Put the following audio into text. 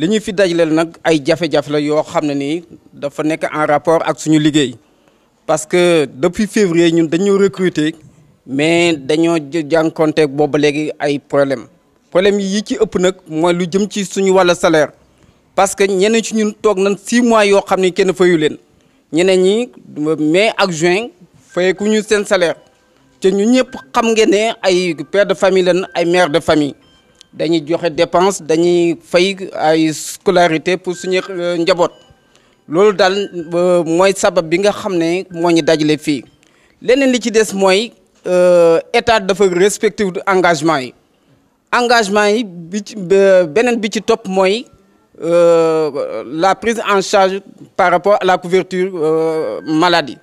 Ce ñu fi rapport parce que depuis février nous avons recruter mais nous avons rencontré un ay problème problème yi ci salaire parce que nous avons six mois de salaire. mai juin salaire Nous avons père de famille et mère de famille dañuy joxe dépense dañuy fay ay scolarité pour suñu euh, njabot loolu dal euh, moy sabab bi nga xamné ne dajlé fi dajale li ci des mooy euh, état dafa respecter engagement yi engagement yi bi ci top bi ci la prise en charge par rapport à la couverture maladie